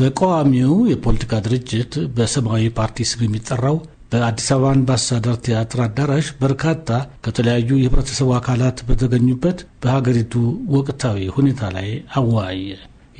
ተቃዋሚው የፖለቲካ ድርጅት በሰማያዊ ፓርቲ ስም የሚጠራው በአዲስ አበባ አምባሳደር ቲያትር አዳራሽ በርካታ ከተለያዩ የህብረተሰቡ አካላት በተገኙበት በሀገሪቱ ወቅታዊ ሁኔታ ላይ አወያየ።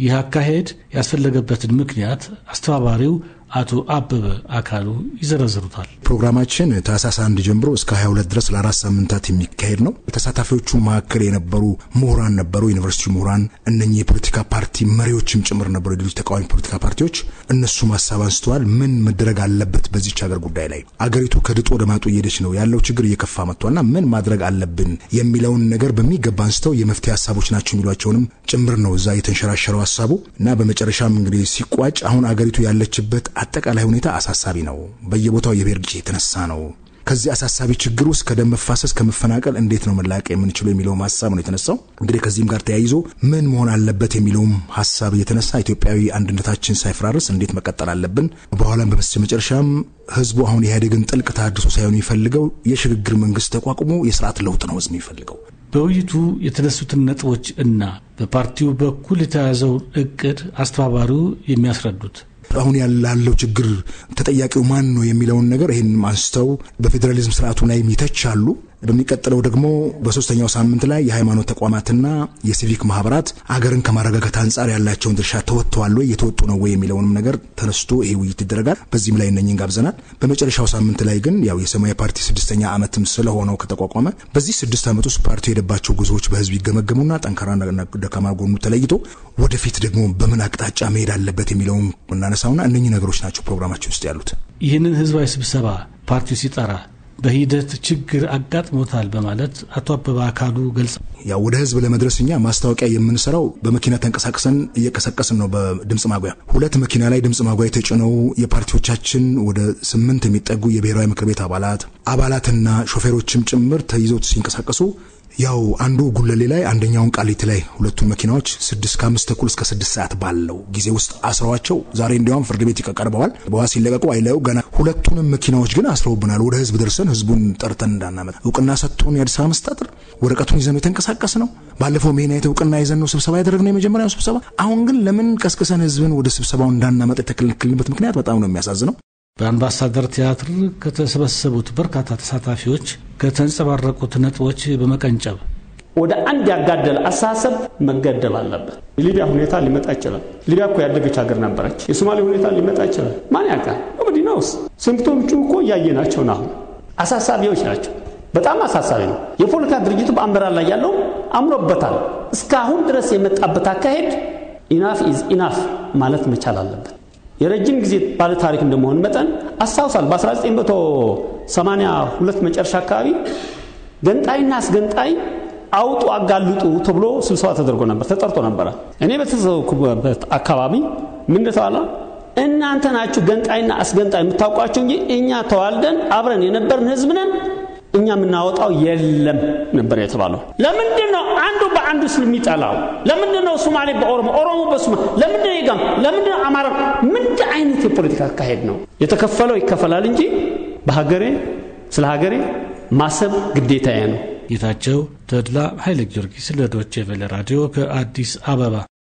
ይህ አካሄድ ያስፈለገበትን ምክንያት አስተባባሪው አቶ አበበ አካሉ ይዘረዝሩታል። ፕሮግራማችን ታህሳስ አንድ ጀምሮ እስከ 22 ድረስ ለአራት ሳምንታት የሚካሄድ ነው። ተሳታፊዎቹ መካከል የነበሩ ምሁራን ነበሩ፣ ዩኒቨርሲቲ ምሁራን፣ እነኚህ የፖለቲካ ፓርቲ መሪዎችም ጭምር ነበሩ፣ ሌሎች ተቃዋሚ ፖለቲካ ፓርቲዎች። እነሱም ሀሳብ አንስተዋል። ምን መደረግ አለበት በዚች ሀገር ጉዳይ ላይ አገሪቱ ከድጡ ወደ ማጡ እየሄደች ነው፣ ያለው ችግር እየከፋ መጥቷልና ምን ማድረግ አለብን የሚለውን ነገር በሚገባ አንስተው የመፍትሄ ሀሳቦች ናቸው የሚሏቸውንም ጭምር ነው እዛ የተንሸራሸረው ሀሳቡ እና በመጨረሻም እንግዲህ ሲቋጭ አሁን አገሪቱ ያለችበት አጠቃላይ ሁኔታ አሳሳቢ ነው። በየቦታው የብሔር ግጭት የተነሳ ነው። ከዚህ አሳሳቢ ችግር ውስጥ ከደም መፋሰስ ከመፈናቀል እንዴት ነው መላቀ የምንችለው የሚለውም ሀሳብ ነው የተነሳው። እንግዲህ ከዚህም ጋር ተያይዞ ምን መሆን አለበት የሚለውም ሀሳብ እየተነሳ ኢትዮጵያዊ አንድነታችን ሳይፈራርስ እንዴት መቀጠል አለብን፣ በኋላም በመስ መጨረሻም ህዝቡ አሁን ኢህአዴግን ጥልቅ ተሃድሶ ሳይሆን የሚፈልገው የሽግግር መንግስት ተቋቁሞ የስርዓት ለውጥ ነው ህዝብ የሚፈልገው። በውይይቱ የተነሱትን ነጥቦች እና በፓርቲው በኩል የተያዘውን እቅድ አስተባባሪው የሚያስረዱት አሁን ያላለው ችግር ተጠያቂው ማን ነው የሚለውን ነገር ይህን አንስተው በፌዴራሊዝም ስርዓቱ ላይ አሉ በሚቀጥለው ደግሞ በሶስተኛው ሳምንት ላይ የሃይማኖት ተቋማትና የሲቪክ ማህበራት አገርን ከማረጋጋት አንጻር ያላቸውን ድርሻ ተወጥተዋል ወይ እየተወጡ ነው ወይ የሚለውንም ነገር ተነስቶ ይሄ ውይይት ይደረጋል። በዚህም ላይ እነኝን ጋብዘናል። በመጨረሻው ሳምንት ላይ ግን ያው የሰማያዊ ፓርቲ ስድስተኛ ዓመትም ስለሆነው ከተቋቋመ በዚህ ስድስት ዓመት ውስጥ ፓርቲው የሄደባቸው ጉዞዎች በህዝብ ይገመገሙና ጠንካራ ደካማ ጎኑ ተለይቶ ወደፊት ደግሞ በምን አቅጣጫ መሄድ አለበት የሚለውን እናነሳውና እነኚህ ነገሮች ናቸው ፕሮግራማቸው ውስጥ ያሉት። ይህንን ህዝባዊ ስብሰባ ፓርቲው ሲጠራ በሂደት ችግር አጋጥሞታል በማለት አቶ አበባ አካሉ ገልጸ ያው ወደ ህዝብ ለመድረስ እኛ ማስታወቂያ የምንሰራው በመኪና ተንቀሳቅሰን እየቀሰቀስን ነው። በድምፅ ማጉያ ሁለት መኪና ላይ ድምፅ ማጉያ የተጭነው የፓርቲዎቻችን ወደ ስምንት የሚጠጉ የብሔራዊ ምክር ቤት አባላት አባላትና ሾፌሮችም ጭምር ተይዘው ሲንቀሳቀሱ ያው አንዱ ጉለሌ ላይ አንደኛውን ቃሊት ላይ ሁለቱን መኪናዎች ስድስት ከአምስት ተኩል እስከ ስድስት ሰዓት ባለው ጊዜ ውስጥ አስረዋቸው ዛሬ እንዲያውም ፍርድ ቤት ይቀቀርበዋል በዋ ሲለቀቁ አይለው ገና ሁለቱንም መኪናዎች ግን አስረውብናል። ወደ ህዝብ ደርሰን ህዝቡን ጠርተን እንዳናመጥ እውቅና ሰጥቶን የአዲስ አበባ መስተዳድር ወረቀቱን ይዘን የተንቀሳቀስ ነው። ባለፈው ሜን አይነት እውቅና ይዘን ነው ስብሰባ ያደረግነው የመጀመሪያው ስብሰባ። አሁን ግን ለምን ቀስቅሰን ህዝብን ወደ ስብሰባው እንዳናመጣ የተከለከልንበት ምክንያት በጣም ነው የሚያሳዝነው። በአምባሳደር ቲያትር ከተሰበሰቡት በርካታ ተሳታፊዎች ከተንጸባረቁት ነጥቦች በመቀንጨብ ወደ አንድ ያጋደለ አስተሳሰብ መገደብ አለበት። የሊቢያ ሁኔታ ሊመጣ ይችላል። ሊቢያ እኮ ያደገች ሀገር ነበረች። የሶማሌ ሁኔታ ሊመጣ ይችላል። ማን ያውቃል? መዲና ሲምፕቶሞቹ እኮ እያየ ናቸው። አሁን አሳሳቢዎች ናቸው። በጣም አሳሳቢ ነው። የፖለቲካ ድርጅቱ በአመራር ላይ ያለው አምሮበታል። እስካሁን ድረስ የመጣበት አካሄድ ኢናፍ ኢዝ ኢናፍ ማለት መቻል አለበት። የረጅም ጊዜ ባለ ታሪክ እንደመሆን መጠን አስታውሳል። በ1982 መጨረሻ አካባቢ ገንጣይና አስገንጣይ አውጡ አጋልጡ ተብሎ ስብሰባ ተደርጎ ነበር፣ ተጠርቶ ነበረ። እኔ በተሰብኩበት አካባቢ ምን እንደተባለ እናንተ ናችሁ ገንጣይና አስገንጣይ የምታውቋቸው እንጂ እኛ ተዋልደን አብረን የነበርን ህዝብ ነን፣ እኛ የምናወጣው የለም ነበር የተባለው። ለምንድን ነው አንዱ በአንዱ ስል የሚጠላው? ለምንድን ነው ሶማሌ በኦሮሞ ኦሮሞ በሶማሌ ለምንድን ነው ይጋም ለምንድን ነው አማራ አይነት የፖለቲካ አካሄድ ነው። የተከፈለው ይከፈላል እንጂ በሀገሬ ስለ ሀገሬ ማሰብ ግዴታዬ ነው። ጌታቸው ተድላ ኃይለ ጊዮርጊስ ለዶቼ ቬለ ራዲዮ ከአዲስ አበባ